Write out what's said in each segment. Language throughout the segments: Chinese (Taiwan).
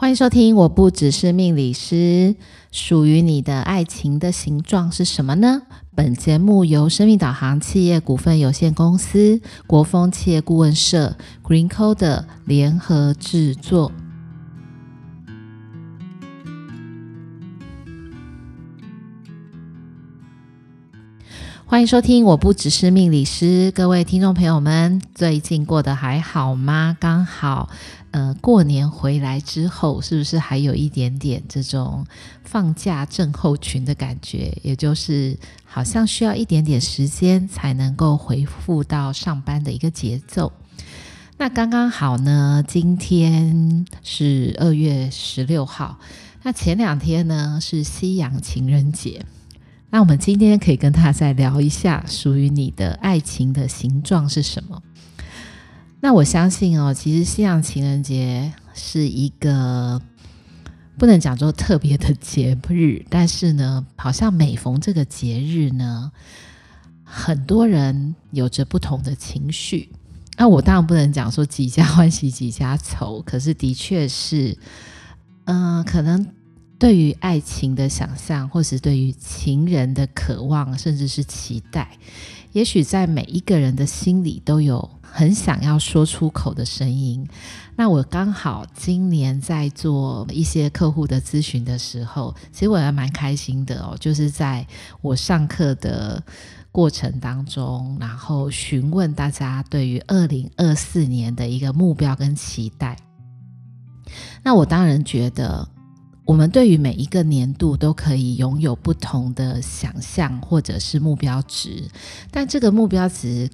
歡迎收聽，我不只是命理師。屬於你的愛情的形狀是什麼呢？本節目由生命導航企業股份有限公司、國峰企業顧問社、GreenCoder 聯合制作。歡迎收聽，我不只是命理師。各位聽眾朋友們，最近過得還好嗎？剛好。呃，過年回來之後，是不是還有一點點這種放假症候群的感覺？也就是好像需要一點點時間才能夠恢復到上班的一個節奏。那剛剛好呢，今天是二月十六號，那前兩天呢是西洋情人節。那我們今天可以跟大家再聊一下，屬於你的愛情的形狀是什麼？那我相信哦，其實西洋情人節是一個不能講說特別的節日，但是呢，好像每逢這個節日呢，很多人有着不同的情緒。那我當然不能講說幾家歡喜幾家愁，可是的確是，嗯、呃，可能對於愛情的想象，或是對於情人的渴望，甚至是期待，也許在每一個人的心裡都有。很想要說出口的聲音。那我剛好今年在做一些客戶的諮詢的時候，其實我還蠻開心的哦。就是在我上課的過程當中，然後詢問大家對於二零二四年的一個目標跟期待。那我當然覺得，我們對於每一個年度都可以擁有不同的想象或者是目標值，但這個目標值，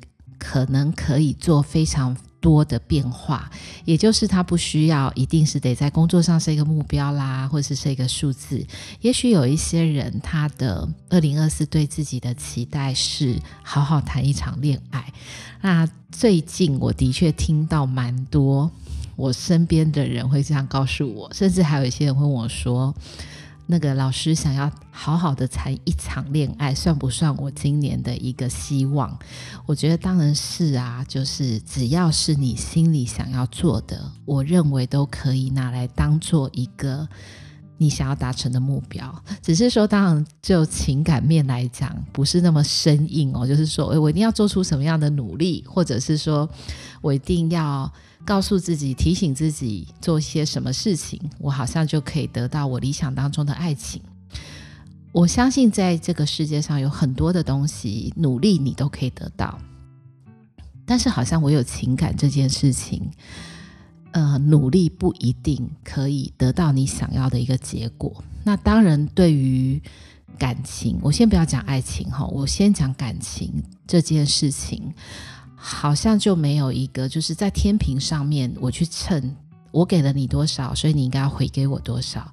可能可以做非常多的變化，也就是他不需要一定是得在工作上設一個目標啦，或者是設一個數字。也許有一些人，他的二零二四對自己的期待是好好談一場戀愛。那最近我的確聽到蠻多，我身邊的人會這樣告訴我，甚至還有一些人會問我說。那個老師，想要好好的談一場戀愛，算不算我今年的一個希望？我覺得當然是啊，就是只要是你心裡想要做的，我認為都可以拿來當做一個你想要達成的目標。只是說，當然就情感面來講，不是那麼生硬哦，就是說，欸，我一定要做出什麼樣的努力，或者是說我一定要。告訴自己，提醒自己做些什麼事情，我好像就可以得到我理想當中的愛情。我相信在這個世界上有很多的東西，努力你都可以得到。但是，好像我有情感這件事情，呃，努力不一定可以得到你想要的一個結果。那當然，對於感情，我先不要講愛情哈，我先講感情這件事情。好像就沒有一個，就是在天平上面，我去稱我給了你多少，所以你應該要回給我多少。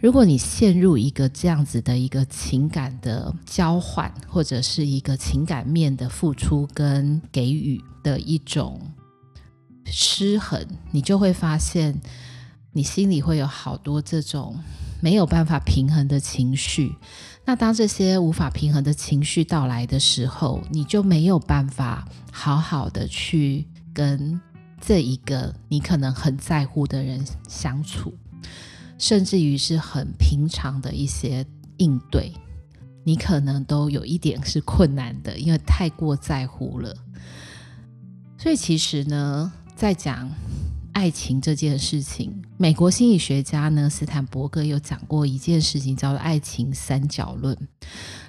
如果你陷入一個這樣子的一個情感的交換，或者是一個情感面的付出跟給予的一種失衡，你就會發現你心裡會有好多這種。沒有辦法平衡的情緒，那當這些無法平衡的情緒到來的時候，你就沒有辦法好好的去跟這一個你可能很在乎的人相處，甚至於是很平常的一些應對，你可能都有一點是困難的，因為太過在乎了。所以其實呢，在講。愛情這件事情，美國心理學家呢，斯坦伯格有講過一件事情，叫做愛情三角論。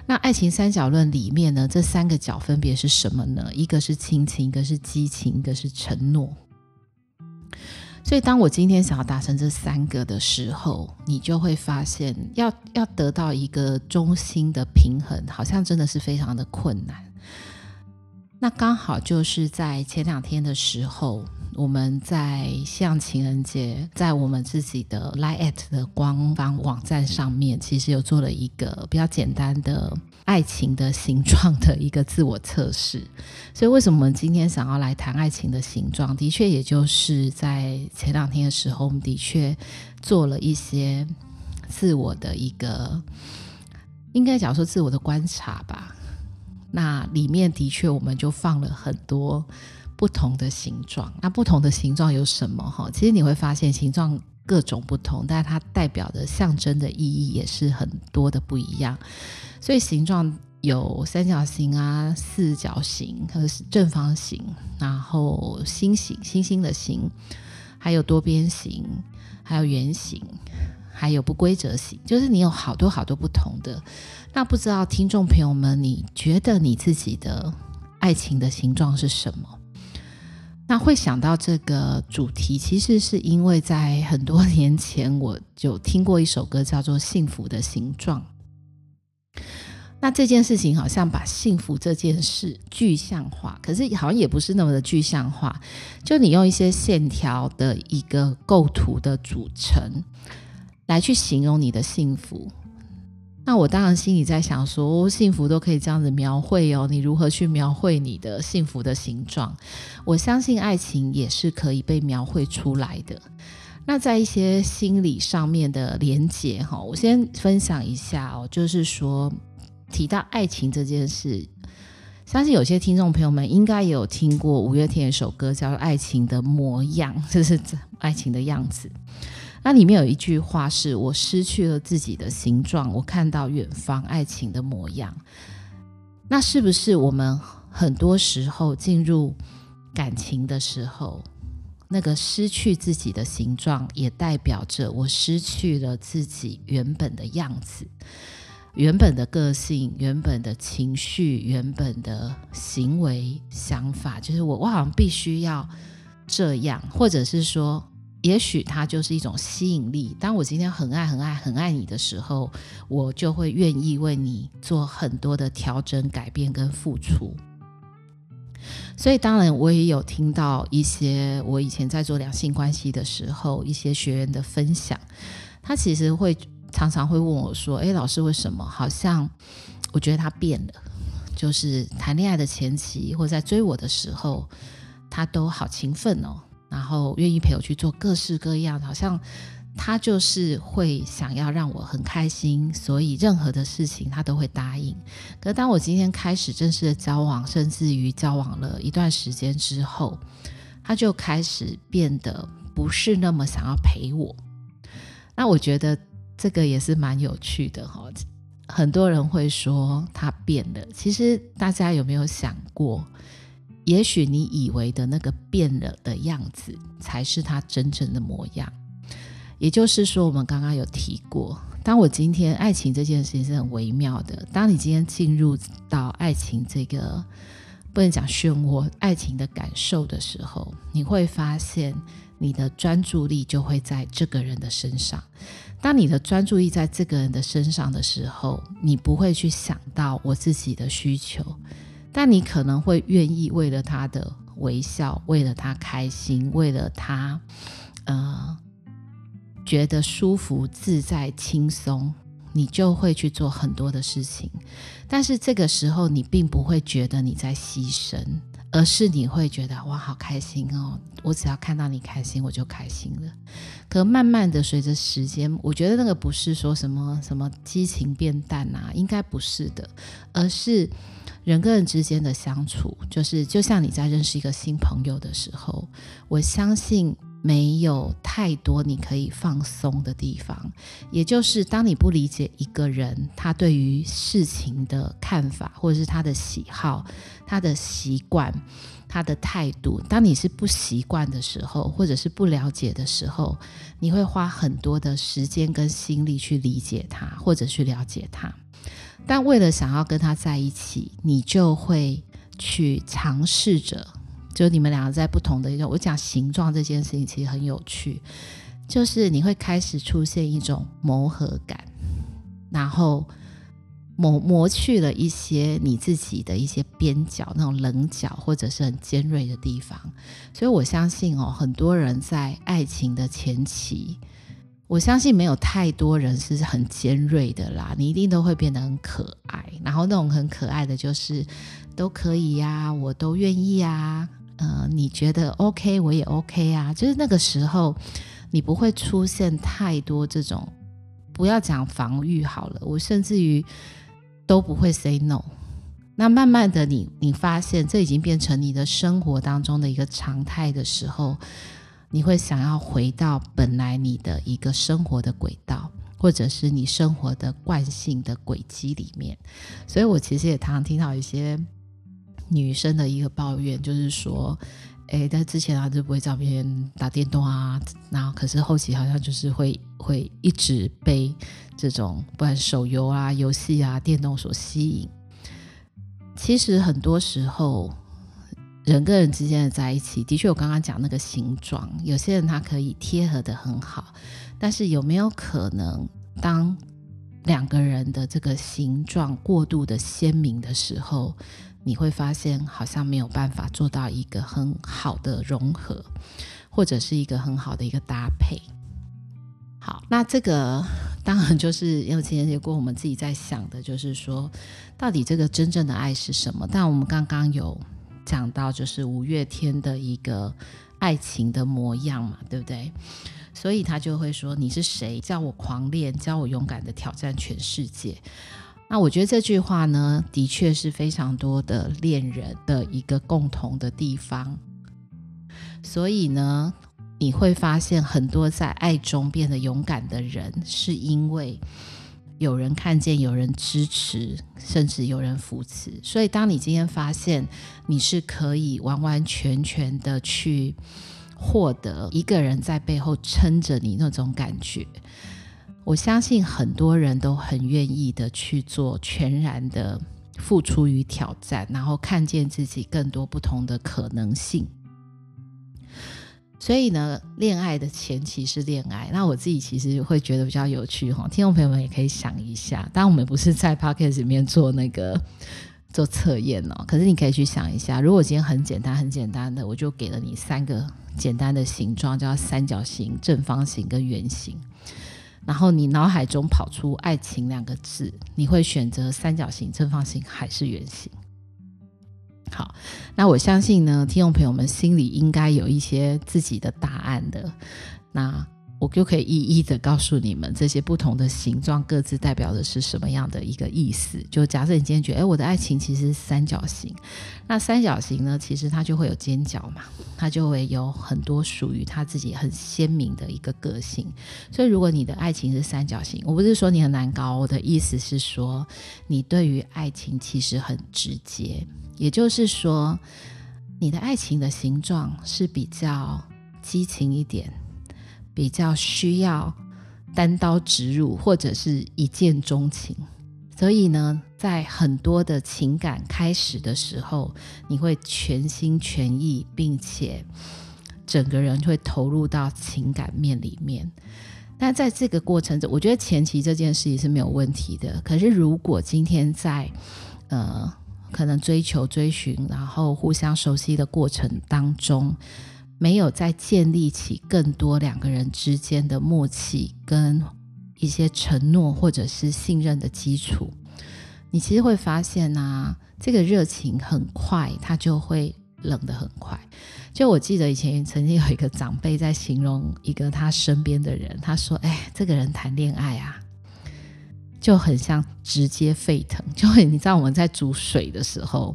那愛情三角論裡面呢，這三個角分別是什麼呢？一個是親情，一個是激情，一個是承諾。所以，當我今天想要達成這三個的時候，你就會發現要，要要得到一個中心的平衡，好像真的是非常的困難。那剛好就是在前兩天的時候，我們在像情人節，在我們自己的 LINE@ 的官方網站上面，其實有做了一個比較簡單的愛情的形狀的一個自我測試。所以，為什麼我們今天想要來談愛情的形狀？的確，也就是在前兩天的時候，我們的確做了一些自我的一個，應該講說自我的觀察吧。那裡面的確，我們就放了很多不同的形狀。那不同的形狀有什麼？哈，其實你會發現形狀各種不同，但是它代表的象徵的意義也是很多的不一樣。所以形狀有三角形啊、四角形和正方形，然後星形、星星的星，還有多邊形，還有圓形。還有不規則型，就是你有好多好多不同的。那不知道聽眾朋友們，你覺得你自己的愛情的形狀是什麼？那會想到這個主題，其實是因為在很多年前，我就聽過一首歌叫做《幸福的形狀》。那這件事情好像把幸福這件事具象化，可是好像也不是那麼的具象化。就你用一些線條的一個構圖的組成。來去形容你的幸福，那我當然心裡在想說、哦，幸福都可以這樣子描繪哦。你如何去描繪你的幸福的形狀？我相信愛情也是可以被描繪出來的。那在一些心理上面的連結哈、哦，我先分享一下哦。就是說，提到愛情這件事，相信有些聽眾朋友們應該也有聽過五月天一首歌，叫做《愛情的模樣》，就是這愛情的樣子。那裡面有一句話是：“我失去了自己的形狀，我看到遠方愛情的模樣。”那是不是我們很多時候進入感情的時候，那個失去自己的形狀，也代表着我失去了自己原本的樣子、原本的個性、原本的情緒、原本的行為、想法？就是我，我好像必須要這樣，或者是說。也許他就是一種吸引力。當我今天很愛、很愛、很愛你的時候，我就會願意為你做很多的調整、改變跟付出。所以，當然我也有聽到一些我以前在做兩性關係的時候，一些學員的分享。他其實會常常會問我說：“哎、欸，老師，為什麼好像我覺得他變了？就是談戀愛的前期或在追我的時候，他都好勤奮哦、喔。”然後願意陪我去做各式各樣，好像他就是會想要讓我很開心，所以任何的事情他都會答應。可當我今天開始正式的交往，甚至於交往了一段時間之後，他就開始變得不是那麼想要陪我。那我覺得這個也是蠻有趣的哈。很多人會說他變了，其實大家有沒有想過？也許你以為的那個變了的樣子，才是他真正的模樣。也就是說，我們剛剛有提過，當我今天愛情這件事情是很微妙的。當你今天進入到愛情這個不能講漩渦，愛情的感受的時候，你會發現你的專注力就會在這個人的身上。當你的專注力在這個人的身上的時候，你不會去想到我自己的需求。但你可能會願意為了他的微笑，為了他開心，為了他，呃，覺得舒服、自在、輕鬆，你就會去做很多的事情。但是這個時候，你並不會覺得你在犧牲，而是你會覺得哇，好開心哦！我只要看到你開心，我就開心了。可慢慢的，隨着時間，我覺得那個不是說什麼什麼激情變淡啊，應該不是的，而是，人跟人之間的相處，就是就像你在認識一個新朋友的時候，我相信沒有太多你可以放鬆的地方。也就是當你不理解一個人他對於事情的看法，或者是他的喜好、他的習慣、他的態度，當你是不習慣的時候，或者是不了解的時候，你會花很多的時間跟心力去理解他，或者去了解他。但為了想要跟他在一起，你就會去嘗試着，就你們兩個在不同的一種。我講形狀這件事情其實很有趣，就是你會開始出現一種磨合感，然後磨磨去了一些你自己的一些邊角，那種稜角，或者是很尖銳的地方。所以我相信哦，很多人在愛情的前期。我相信沒有太多人是很尖銳的啦，你一定都會變得很可愛，然後那種很可愛的，就是都可以呀，我都願意啊，呃，你覺得 OK，我也 OK 啊，就是那個時候，你不會出現太多這種，不要講防禦好了，我甚至於都不會 say no。那慢慢的你，你發現這已經變成你的生活當中的一個常態的時候。你會想要回到本來你的一個生活的軌道，或者是你生活的慣性的軌跡裡面。所以我其實也常常聽到一些女生的一個抱怨，就是說，誒、欸，在之前她、啊、就不會照片打電動啊，那可是後期好像就是會會一直被這種不管手遊啊、遊戲啊、電動所吸引。其實很多時候。人跟人之間的在一起，的確，我剛剛講那個形狀，有些人他可以貼合得很好，但是有沒有可能，當兩個人的這個形狀過度的鮮明的時候，你會發現好像沒有辦法做到一個很好的融合，或者是一個很好的一個搭配。好，那這個當然就是因為情人節過，我們自己在想的就是說，到底這個真正的愛是什麼？但我們剛剛有。講到就是五月天的一個愛情的模樣嘛，對不對？所以他就會說：“你是誰？叫我狂戀，教我勇敢的挑戰全世界。”那我覺得這句話呢，的確是非常多的戀人的一個共同的地方。所以呢，你會發現很多在愛中變得勇敢的人，是因為。有人看見，有人支持，甚至有人扶持。所以，當你今天發現你是可以完完全全的去獲得一個人在背後撐着你那種感覺，我相信很多人都很願意的去做全然的付出與挑戰，然後看見自己更多不同的可能性。所以呢，戀愛的前期是戀愛。那我自己其實會覺得比較有趣哈、哦，聽眾朋友們也可以想一下。當然，我們不是在 podcast 裡面做那個做測驗哦，可是你可以去想一下，如果今天很簡單、很簡單的，我就給了你三個簡單的形狀，叫三角形、正方形跟圓形，然後你腦海中跑出“愛情”兩個字，你會選擇三角形、正方形還是圓形？好，那我相信呢，聽眾朋友們心裡應該有一些自己的答案的。那。我就可以一一的告訴你們這些不同的形狀各自代表的是什麼樣的一個意思。就假設你今天覺得，哎，我的愛情其實是三角形，那三角形呢，其實它就會有尖角嘛，它就會有很多屬於它自己很鮮明的一個個性。所以，如果你的愛情是三角形，我不是說你很難搞，我的意思是說，你對於愛情其實很直接，也就是說，你的愛情的形狀是比較激情一點。比較需要單刀直入或者是一見鍾情，所以呢，在很多的情感開始的時候，你會全心全意，並且整個人會投入到情感面裡面。那在這個過程中，我覺得前期這件事也是沒有問題的。可是，如果今天在呃，可能追求、追尋，然後互相熟悉的過程當中。沒有再建立起更多兩個人之間的默契跟一些承諾或者是信任的基礎，你其實會發現呢，這個熱情很快它就會冷得很快。就我記得以前曾經有一個長輩在形容一個他身邊的人，他說：“哎，這個人談戀愛啊，就很像直接沸騰，就會你知道我們在煮水的時候，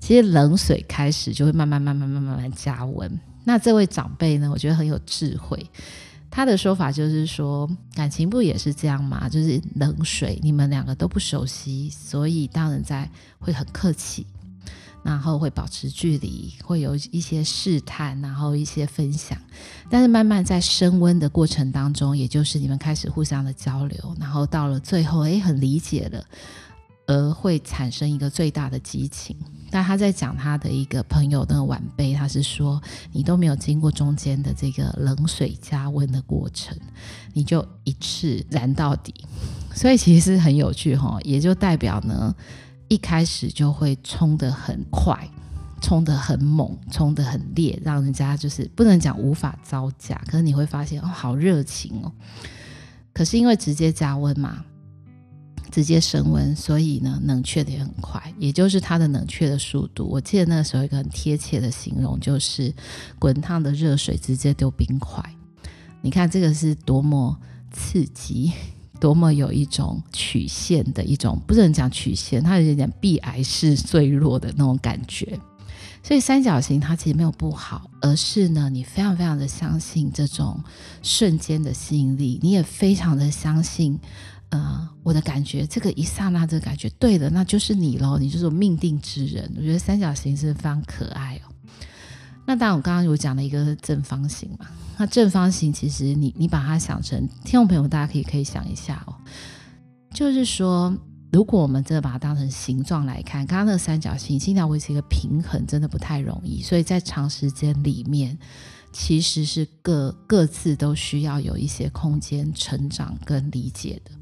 其實冷水開始就會慢慢慢慢慢慢加溫。”那這位長輩呢，我覺得很有智慧，他的說法就是說，感情不也是這樣嗎？就是冷水，你們兩個都不熟悉，所以當然在會很客氣，然後會保持距離，會有一些試探，然後一些分享，但是慢慢在升溫的過程當中，也就是你們開始互相的交流，然後到了最後，誒，很理解了。而會產生一個最大的激情。但他在講他的一個朋友，那個晚輩，他是說，你都沒有經過中間的這個冷水加溫的過程，你就一次燃到底。所以其實是很有趣哈、哦，也就代表呢，一開始就會衝得很快，衝得很猛，衝得很烈，讓人家就是不能講無法招架。可是你會發現哦，好熱情哦，可是因為直接加溫嘛。直接升溫，所以呢，冷卻得也很快，也就是它的冷卻的速度。我記得那個時候一個很貼切的形容就是“滾燙的熱水直接丟冰塊”。你看這個是多麼刺激，多麼有一種曲線的一種，不能講曲線，它有點點避癌式最弱的那種感覺。所以三角形它其實沒有不好，而是呢，你非常非常的相信這種瞬間的吸引力，你也非常的相信。呃，我的感覺，這個一剎那這個感覺對了，那就是你嘍，你就是我命定之人。我覺得三角形是非常可愛哦。那當然，我剛剛有講了一個正方形嘛。那正方形其實你你把它想成聽眾朋友，大家可以可以想一下哦。就是說，如果我們真的把它當成形狀來看，剛剛那個三角形，盡量維持一個平衡，真的不太容易。所以在長時間裡面，其實是各各自都需要有一些空間成長跟理解的。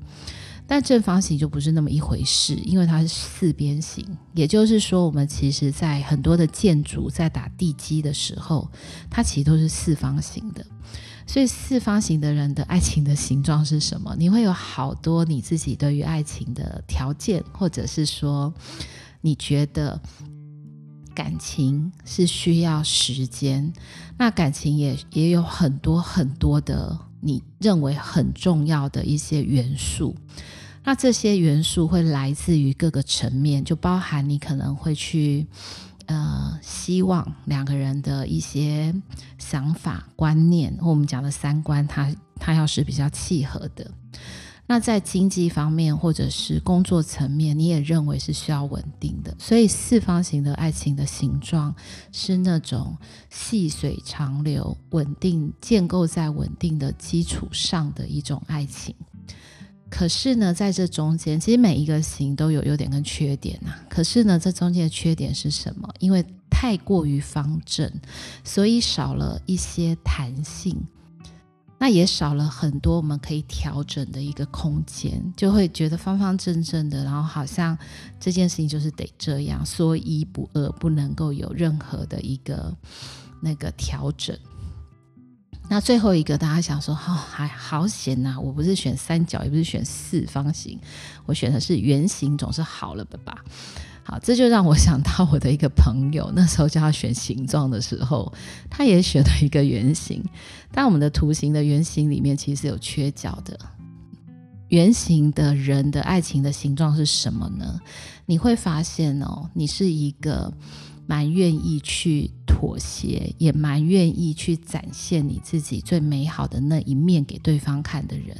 但正方形就不是那麼一回事，因為它是四邊形。也就是說，我們其實，在很多的建築在打地基的時候，它其實都是四方形的。所以，四方形的人的愛情的形狀是什麼？你會有好多你自己對於愛情的條件，或者是說，你覺得感情是需要時間。那感情也也有很多很多的。你認為很重要的一些元素，那這些元素會來自於各個層面，就包含你可能會去，呃，希望兩個人的一些想法、觀念，和我們講的三觀，他他要是比較契合的。那在經濟方面或者是工作層面，你也認為是需要穩定的，所以四方形的愛情的形狀是那種細水長流、穩定建構在穩定的基礎上的一種愛情。可是呢，在這中間，其實每一個形都有優點跟缺點吶啊。可是呢，這中間的缺點是什麼？因為太過於方正，所以少了一些彈性。那也少了很多我們可以調整的一個空間，就會覺得方方正正的，然後好像這件事情就是得這樣，說一不二，不能夠有任何的一個那個調整。那最後一個，大家想說，哦，還好險吶、啊！我不是選三角，也不是選四方形，我選的是圓形，總是好了的吧。好，這就讓我想到我的一個朋友，那時候叫他選形狀的時候，他也選了一個圓形。但我們的圖形的圓形裡面其實有缺角的。圓形的人的愛情的形狀是什麼呢？你會發現哦，你是一個蠻願意去妥協，也蠻願意去展現你自己最美好的那一面給對方看的人。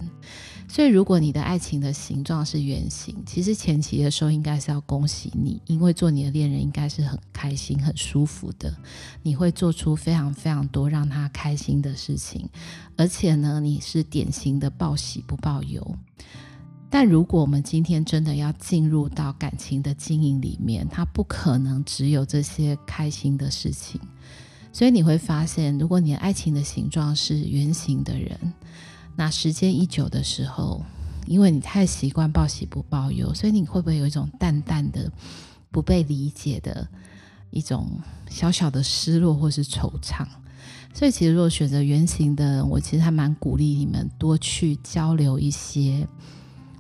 所以，如果你的愛情的形狀是圓形，其實前期的時候應該是要恭喜你，因為做你的戀人應該是很開心、很舒服的。你會做出非常非常多讓他開心的事情，而且呢，你是典型的報喜不報憂。但如果我們今天真的要進入到感情的經營裡面，它不可能只有這些開心的事情。所以你會發現，如果你的愛情的形狀是圓形的人。那時間一久的時候，因為你太習慣報喜不報憂，所以你會不會有一種淡淡的、不被理解的一種小小的失落或是惆悵？所以其實如果選擇圓形的，我其實還蠻鼓勵你們多去交流一些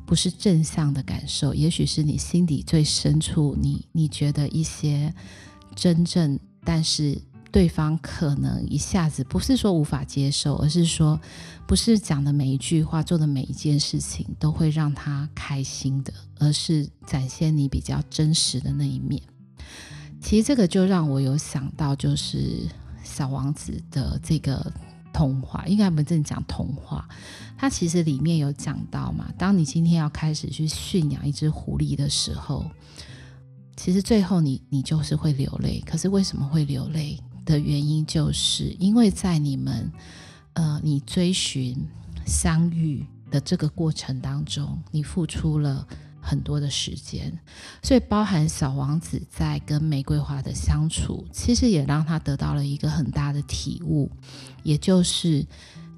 不是正向的感受，也許是你心底最深處，你你覺得一些真正但是。對方可能一下子不是說無法接受，而是說不是講的每一句話、做的每一件事情都會讓他開心的，而是展現你比較真實的那一面。其實這個就讓我有想到，就是《小王子》的這個童話，應該不正講童話。它其實裡面有講到嘛，當你今天要開始去馴養一隻狐狸的時候，其實最後你你就是會流淚。可是為什麼會流淚？的原因就是，因為在你們，呃，你追尋相遇的這個過程當中，你付出了很多的時間，所以包含小王子在跟玫瑰花的相處，其實也讓他得到了一個很大的體悟，也就是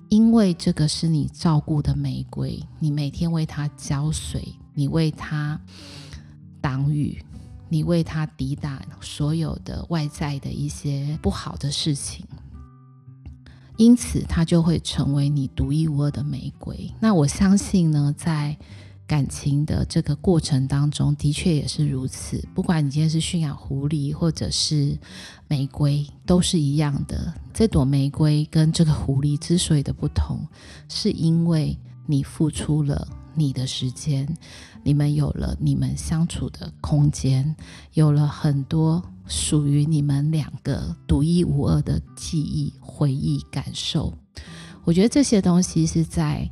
因為這個是你照顧的玫瑰，你每天為它澆水，你為它擋雨。你為他抵擋所有的外在的一些不好的事情，因此他就會成為你獨一無二的玫瑰。那我相信呢，在感情的這個過程當中，的確也是如此。不管你今天是馴養狐狸，或者是玫瑰，都是一樣的。這朵玫瑰跟這個狐狸之所以的不同，是因為你付出了。你的時間，你們有了你們相處的空間，有了很多屬於你們兩個獨一無二的記憶、回憶、感受。我覺得這些東西是在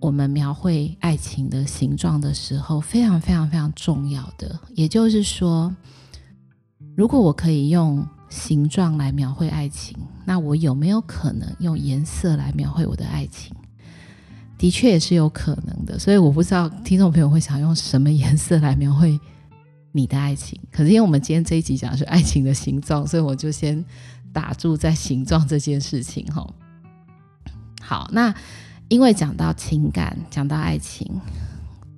我們描繪愛情的形狀的時候非常非常非常重要的。也就是說，如果我可以用形狀來描繪愛情，那我有沒有可能用顏色來描繪我的愛情？的確也是有可能的，所以我不知道聽眾朋友會想用什麼顏色來描繪你的愛情。可是因為我們今天這一集講的是愛情的形狀，所以我就先打住在形狀這件事情。哈，好，那因為講到情感，講到愛情，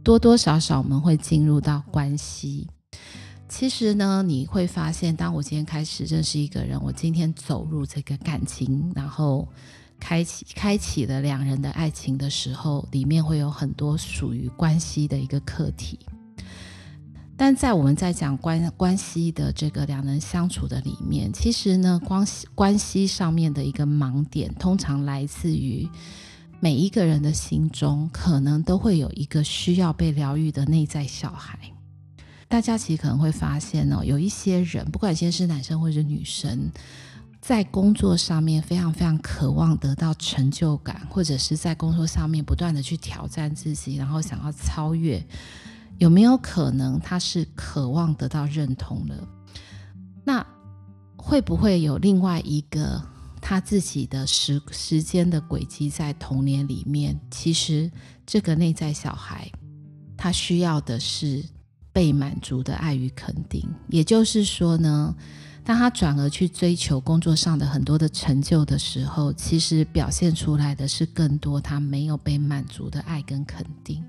多多少少我們會進入到關係。其實呢，你會發現，當我今天開始認識一個人，我今天走入這個感情，然後。開啟開啟了兩人的愛情的時候，裡面會有很多屬於關係的一個課題。但在我們在講關關係的這個兩人相處的裡面，其實呢，關係關係上面的一個盲點，通常來自於每一個人的心中，可能都會有一個需要被療癒的內在小孩。大家其實可能會發現呢、哦，有一些人，不管先是男生或者女生。在工作上面非常非常渴望得到成就感，或者是在工作上面不斷的去挑戰自己，然後想要超越，有沒有可能他是渴望得到認同的？那會不會有另外一個他自己的時時間的軌跡在童年裡面？其實這個內在小孩，他需要的是被滿足的愛與肯定，也就是說呢？當他轉而去追求工作上的很多的成就的時候，其實表現出來的是更多他沒有被滿足的愛跟肯定，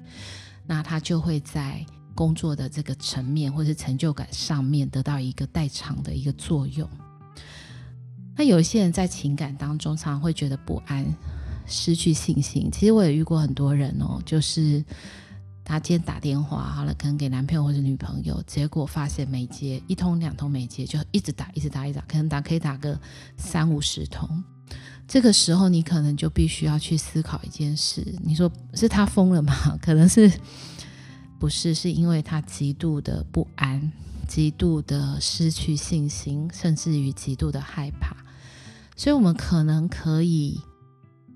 那他就會在工作的這個層面或是成就感上面得到一個代償的一個作用。那有些人在情感當中常常會覺得不安、失去信心。其實我也遇過很多人哦，就是。他今天打電話好了，可能給男朋友或者女朋友，結果發現沒接，一通兩通沒接，就一直打，一直打，一直打，直打可能打可以打個三五十通。這個時候，你可能就必須要去思考一件事：你說是他瘋了嗎？可能是不是？是因為他極度的不安，極度的失去信心，甚至於極度的害怕。所以，我們可能可以，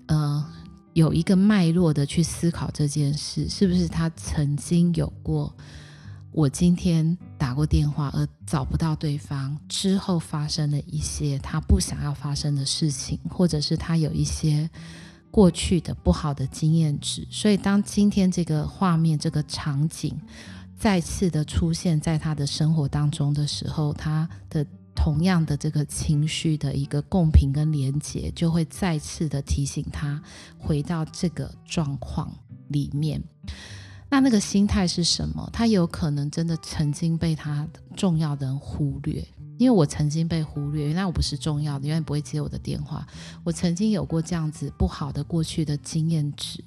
呃。有一個脈絡的去思考這件事，是不是他曾經有過？我今天打過電話而找不到對方之後，發生了一些他不想要發生的事情，或者是他有一些過去的不好的經驗值。所以，當今天這個畫面、這個場景再次的出現在他的生活當中的時候，他的同樣的這個情緒的一個共頻跟連接就會再次的提醒他回到這個狀況裡面。那那個心態是什麼？他有可能真的曾經被他重要的人忽略，因為我曾經被忽略，原來我不是重要的，永遠不會接我的電話。我曾經有過這樣子不好的過去的經驗值，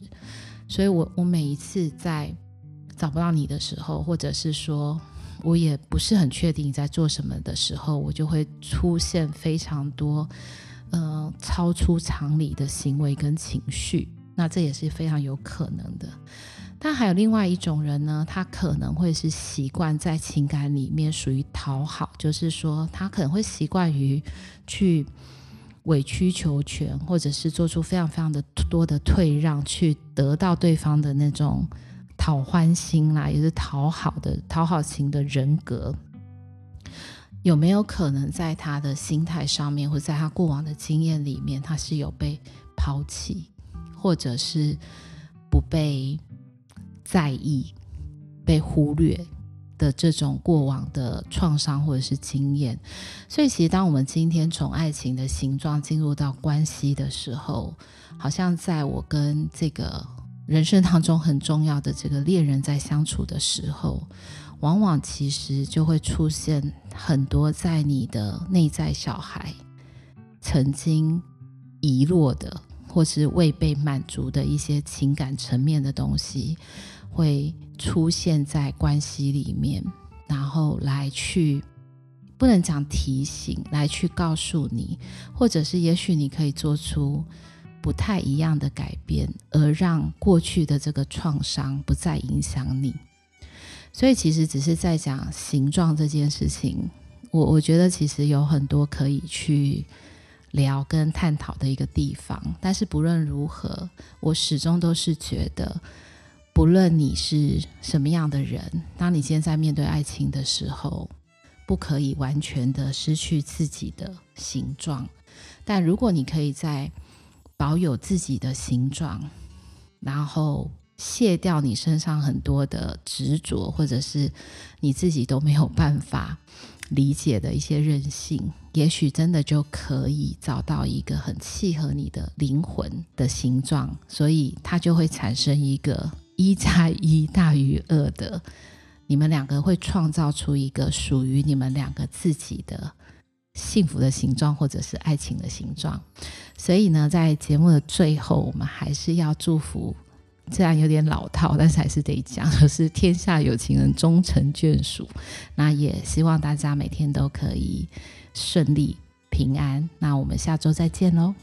所以我我每一次在找不到你的時候，或者是說。我也不是很確定你在做什麼的時候，我就會出現非常多，呃，超出常理的行為跟情緒。那這也是非常有可能的。但還有另外一種人呢，他可能會是習慣在情感裡面屬於討好，就是說他可能會習慣於去委曲求全，或者是做出非常非常的多的退讓，去得到對方的那種。討歡心啦，也是討好的、討好型的人格，有沒有可能在他的心態上面，或在他過往的經驗裡面，他是有被拋棄，或者是不被在意、被忽略的這種過往的創傷或者是經驗？所以，其實當我們今天從愛情的形狀進入到關係的時候，好像在我跟這個。人生當中很重要的這個戀人，在相處的時候，往往其實就會出現很多在你的內在小孩曾經遺落的，或是未被滿足的一些情感層面的東西，會出現在關係裡面，然後來去不能講提醒，來去告訴你，或者是也許你可以做出。不太一樣的改變，而讓過去的這個創傷不再影響你。所以，其實只是在講形狀這件事情。我我覺得其實有很多可以去聊跟探討的一個地方。但是，不論如何，我始終都是覺得，不論你是什麼樣的人，當你現在面對愛情的時候，不可以完全的失去自己的形狀。但如果你可以在保有自己的形狀，然後卸掉你身上很多的執着，或者是你自己都沒有辦法理解的一些任性，也許真的就可以找到一個很契合你的靈魂的形狀，所以它就會產生一個一加一大於二的，你們兩個會創造出一個屬於你們兩個自己的。幸福的形狀，或者是愛情的形狀。所以呢，在節目的最後，我們還是要祝福。雖然有點老套，但是還是得講，就是天下有情人終成眷屬。那也希望大家每天都可以順利平安。那我們下周再見嘍。